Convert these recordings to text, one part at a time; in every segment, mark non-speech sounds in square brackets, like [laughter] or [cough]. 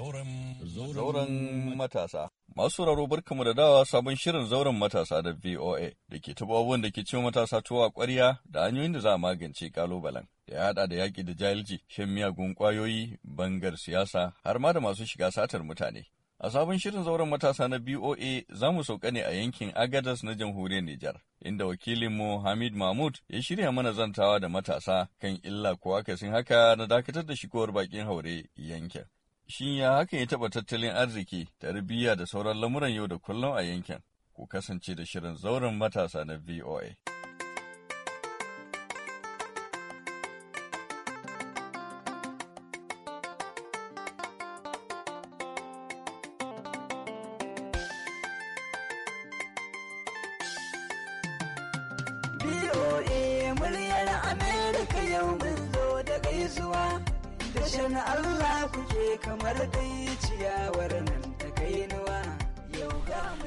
Zauren matasa. Masu sauraro mu da dawa sabon shirin zauren matasa da VOA da ke taɓa abubuwan da ke cewa matasa tuwa ƙwarya da hanyoyin da za a magance ƙalubalen. Da ya haɗa da yaƙi da jahilci, shan miyagun ƙwayoyi, bangar siyasa, har ma da masu shiga satar mutane. A sabon shirin zauren matasa na BOA za mu sauka ne a yankin Agadas na jamhuriyar Nijar, inda wakilinmu Hamid Mahmud ya shirya mana zantawa da matasa kan illa ko akasin haka na dakatar da shigowar bakin haure yankin. Shin ya haka ya taɓa tattalin arziki, tarbiyya da sauran lamuran yau da kullum a yankin? Ku kasance da shirin zauren matasa na VOA. VOA muryar Amerika yau mun zo da gaisuwa. kashe Allah kuke kamar dai ciyawar nan ta kainuwa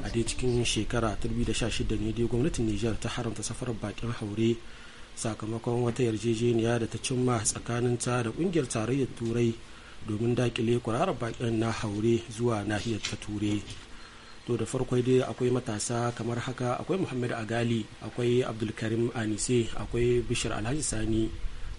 a dai cikin shekara 2016 ne dai gwamnatin Nijar ta haramta safarar bakin haure sakamakon wata yarjejeniya da ta cimma tsakanin ta da kungiyar tarayyar turai domin dakile kwararar bakin na haure zuwa nahiyar ta turai to da farko dai akwai matasa kamar haka akwai muhammad agali akwai abdulkarim anise akwai bishir alhaji sani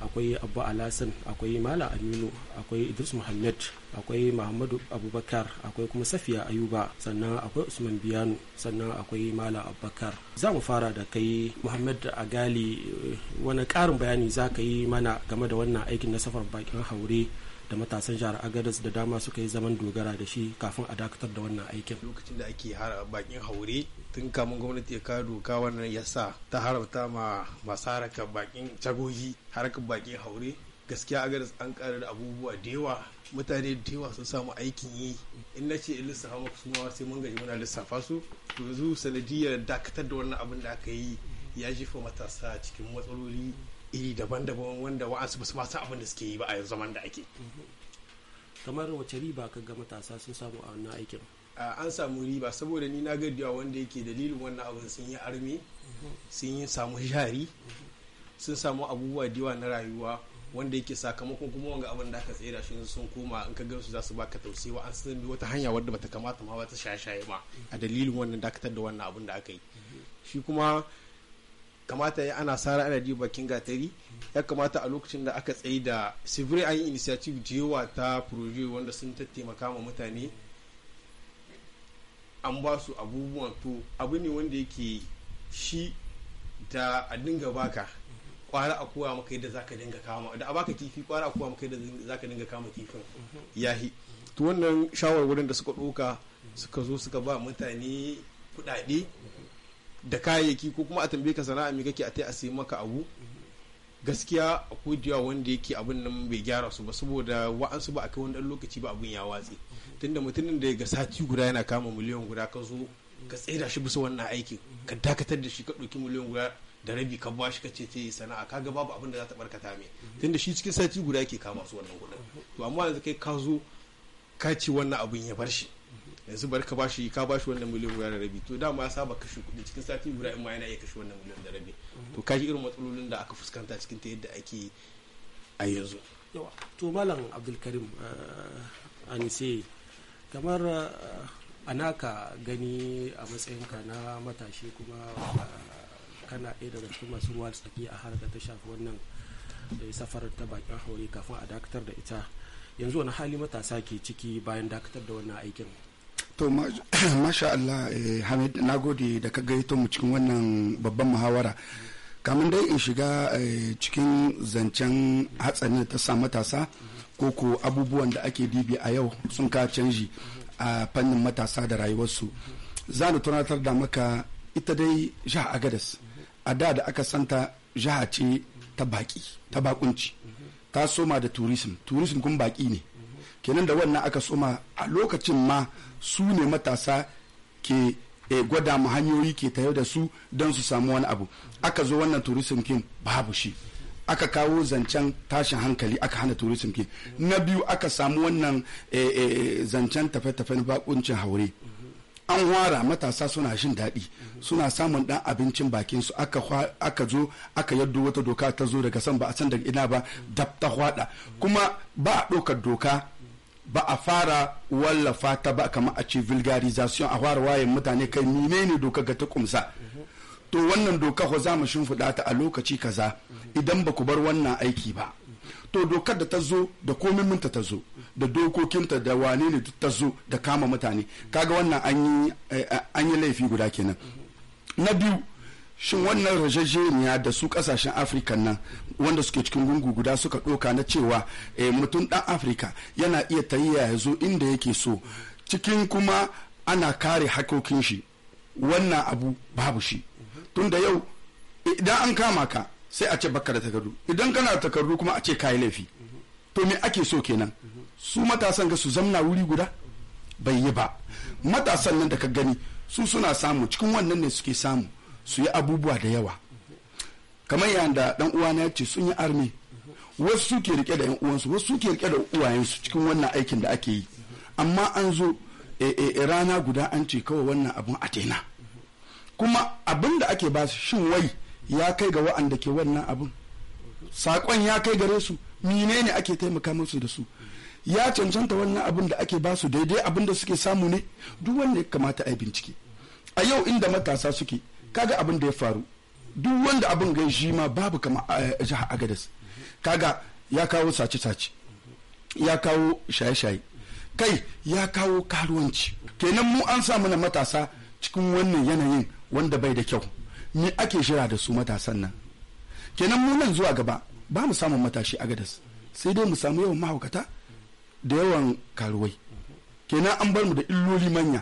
akwai abu alasan akwai mala aminu akwai idris muhammad akwai muhammadu abubakar akwai kuma safiya ayuba sannan akwai usman biyanu sannan akwai mala abubakar za mu fara da kai muhammad gali eh, wani karin bayani za ka yi mana game da wannan aikin na safar bakin haure da matasan jihar agadas da dama suka yi zaman dogara da shi kafin a dakatar da wannan aikin lokacin da ake har bakin haure tun kamun gwamnati ya kawo doka wannan yasa ta harabta ma masu harakar bakin cagogi haraka bakin haure gaskiya agadas an karar da abubuwa da yawa mutane da yawa sun samu aikin yi in na ce in lissafa maku suma sai mun gaji muna lissafa su to yanzu sanadiyar dakatar da wannan abin da aka yi ya jefa matasa cikin matsaloli iri daban-daban wanda wa'ansu ba masu abin da suke yi ba a zaman da ake kamar wace riba ka ga matasa sun samu a wannan aikin an samu riba saboda ni na gadiya wanda yake dalilin wannan abin sun yi armi sun yi samu jari sun samu abubuwa diwa na rayuwa wanda yake sakamakon kuma wanga abin da aka tsira shi sun koma in ka gansu za su baka wa an san bi wata hanya wadda bata kamata ma ba ta shashaye ma a dalilin wannan dakatar da wannan abin da aka yi shi kuma kamata ya ana sara ana ji bakin gatari ya kamata a lokacin da aka tsaye da siviri an yi initiative da yawa ta proje wanda sun tattaimaka ma mutane an ba su abubuwan to abu ne wanda yake shi da a dinga baka kwara a kowa maka yadda zaka dinga kama da a baka kifi kwara a kowa maka yadda zaka dinga kama kifin yahi to wannan shawarwarin da suka ɗauka suka zo suka ba mutane kuɗaɗe da kayayyaki ko kuma a tambaye ka sana'a me kake a tai a sayi maka abu gaskiya akwai da wanda yake abin nan bai gyara su ba saboda wa'ansu ba a kai wani dan lokaci ba abin ya watse tunda mutumin da ga sati guda yana kama miliyan guda ka zo ka tsira shi bisa wannan aikin ka dakatar da shi ka ɗauki miliyan guda da rabi ka bashi ka ce yi sana'a kaga babu abin da za ta barkata mai tunda shi cikin sati guda yake kama su wannan kuɗin to amma yanzu kai ka zo ka ci wannan abin ya bar shi yanzu bari ka bashi ka bashi wannan miliyan guda da rabi to dama ya saba kashe kuɗi cikin sati guda in ma yana iya kashe wannan miliyan da rabi to kaji irin matsalolin da aka fuskanta cikin ta yadda ake a yanzu yawa to malam abdulkarim eh, anise kamar eh, anaka gani a matsayinka na matashi kuma eh, kana ɗaya daga cikin masu ruwa tsaki a harkar ta shafi wannan safarar ta bakin haure kafin a dakatar da ita yanzu wani hali matasa ke ciki bayan dakatar da wannan aikin To [clears throat] masha Allah eh, Hamid na gode da ka gaito mu cikin wannan babban muhawara. Kamin dai in shiga eh, cikin zancen hatsarin da ta sa matasa ko ko abubuwan da ake dibi a yau sun ka canji a fannin matasa da rayuwarsu. Za ni tunatar da maka ita dai jiha Agadas. A da da aka santa jiha ce ta baki, ta bakunci. Ta soma da tourism, tourism kun baki ne. kenan da wannan aka soma a lokacin ma su ne matasa ke e, gwada mu hanyoyi ke tare da su don su samu wani abu aka zo wannan tourism king babu shi aka kawo zancen tashin hankali aka hana tourism king na biyu aka samu wannan e, e, zancen tafe tafen na bakuncin haure an wara matasa suna shin daɗi suna samun ɗan abincin bakin su aka zo aka yaddo wata doka ta zo daga san ba a san daga ina ba dab ta hwada kuma ba a ɗaukar doka ba a fara wallafa ta ba kamar a ce vulgarization a fara wayan mutane kai ne doka ga ta kumsa to wannan doka ko za mu shimfiɗa ta a lokaci kaza idan ba ku bar wannan aiki ba to dokar da ta zo da komin minta ta zo da dokokinta da wane ne ta zo da kama mutane kaga wannan an yi eh, laifi guda kenan na biyu shin wannan rajajeniya da su kasashen afirka nan wanda suke cikin gungu guda suka ɗoka na cewa eh, mutum ɗan afirka yana iya tayya ya zo inda yake so cikin kuma ana kare hakokin shi wannan abu babu shi tunda yau idan an kama ka sai a ce baka da takardu idan kana da takardu kuma a ce kayi laifi to me ake so kenan su matasan ga su zamna wuri guda bai yi ba matasan nan da ka gani su suna samu cikin wannan ne suke samu su yi abubuwa da yawa kamar yadda dan uwana ya ce sun yi armi wasu suke rike da yan uwansu wasu suke rike da uwayensu cikin wannan aikin da ake yi amma an zo eh, eh, eh, rana guda an ce kawai wannan abun a tena kuma abin da ake basu shin wai ya kai ga wa'anda ke wannan abun sakon ya kai gare su mine ne ake taimaka musu da su ya cancanta wannan abin da ake basu daidai abin da suke samu ne duk wanda ya kamata a yi bincike a yau inda matasa suke kaga abin da ya faru duk wanda abin ga shi ma babu kama a eh, jihar agadas kaga ya kawo sace-sace ya kawo shaye-shaye kai ya kawo karuwanci kenan mu an samu na matasa cikin wannan yanayin wanda bai da kyau me ake shira da su matasan nan kenan mu nan zuwa gaba ba mu samun matashi agadas sai dai mu samu yawan mahaukata da yawan karuwai kenan an bar mu da illoli manya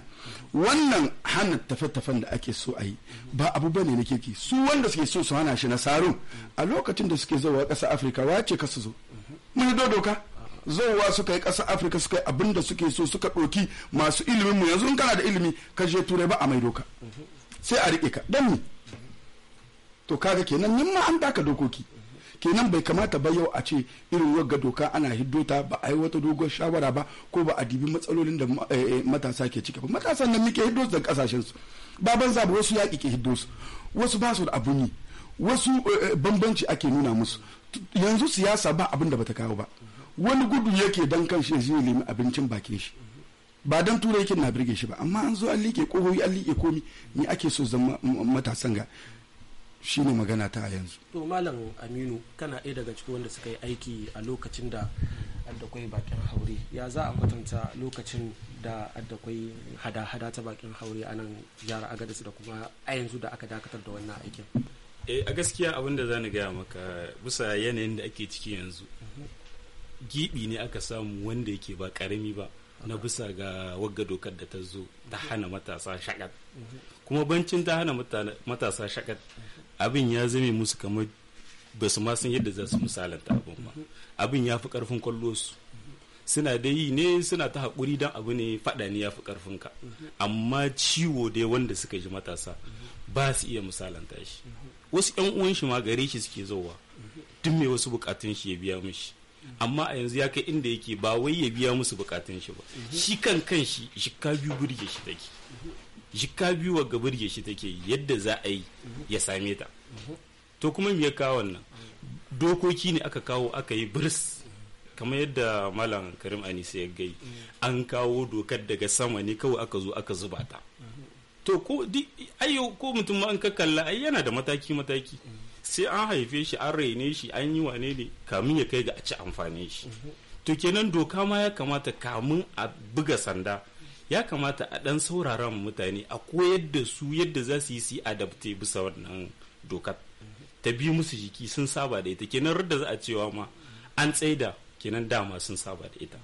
wannan hana tafe-tafen da ake so a yi ba abu ba ne na kirki su wanda suke so su hana shi na saro a lokacin da suke zowa ƙasa afirka wace ka zo mun doka zowa suka yi ƙasa afirka suka yi abin da suke so suka ɗoki masu ilimin mu yanzu kana da ilimi ka je turai ba a mai doka sai a riƙe ka don ni to kaga kenan nan ma an daka dokoki kenan bai kamata ba yau a ce irin wagga doka ana hiddo ba a yi wata dogon shawara ba ko ba a dibi matsalolin da eh, eh, matasa ke ciki ba matasan nan muke hiddo da kasashen su ba banza ba wasu yaƙi ke hiddo su wasu ba su da abun yi wasu eh, bambanci ake nuna musu yanzu siyasa ba abin da bata kawo ba wani gudu yake dan kan kanshi zai nemi abincin bakin shi ba dan tura yake na birge shi ba amma an zo an liƙe ƙohoyi an liƙe komi ni ake so zama matasan ga shi ne magana ta a yanzu to malam aminu kana ɗaya daga cikin wanda suka yi aiki a lokacin da addakwai bakin haure ya za a kwatanta lokacin da addakwai hada-hada ta bakin haure a nan jihar agadis da kuma a yanzu da aka dakatar da wannan aikin eh a gaskiya abin da zani gaya maka bisa yanayin da ake ciki yanzu mhm. gibi ne aka samu wanda yake ba karami ba na bisa ga wagga dokar da ta zo ta mhm. hana matasa shakat mhm. kuma bancin ta hana matasa shakat abin ya zame musu kamar ba su ma san yadda za su misalanta abin ba mhm. abin ya fi karfin kwallo su suna da yi ne suna ta haƙuri don abu ne faɗa ne ya fi ka amma ciwo dai wanda suka ji matasa ba su iya misalanta shi wasu 'yan uwan shi ma gare shi suke zowa duk mai wasu bukatun shi ya biya mishi amma a yanzu ya kai inda yake ba wai ya biya musu bukatun shi ba mhm. shi kan kan shi shika biyu burge shi take mhm. ka biyu wa burge shi take yadda za a yi mhm. ya same ta to kuma me ya kawo wannan dokoki ne aka kawo aka yi birs kamar yadda malam karim anisa ya gai an kawo dokar daga sama ne kawai aka zo aka zuba ta to ko ayo ko mutum ma an ka kalla ai yana da mataki mataki sai an haife shi an raine shi an yi wane ne kamin ya kai ga a ci amfani shi to kenan doka ma ya kamata kamun a buga sanda ya kamata a dan saurara mutane a koyar da su yadda za su yi su adapte bisa wannan dokar ta bi musu jiki sun saba da ita kenan da za a cewa ma an tsaida kenan dama sun saba da ita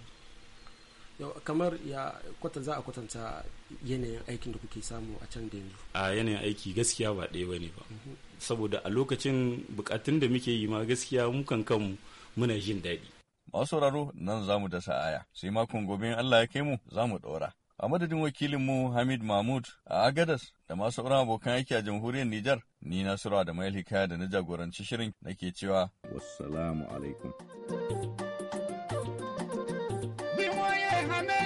kamar ya kwatan za a kwatanta yanayin aikin da kuke samu a can da yanzu a yanayin aiki gaskiya ba ɗaya bane ba mhm. saboda a lokacin bukatun da muke yi ma gaskiya mukan kanmu muna jin daɗi masu sauraro nan zamu dasa aya sai makon gobe Allah ya kai mu za mu ɗora a madadin wakilin mu Hamid Mahmud a Agadas da masu sauran abokan aiki a jamhuriyar Nijar, ni Nasiru da Mail da na jagoranci shirin nake cewa wassalamu alaikum. Déjame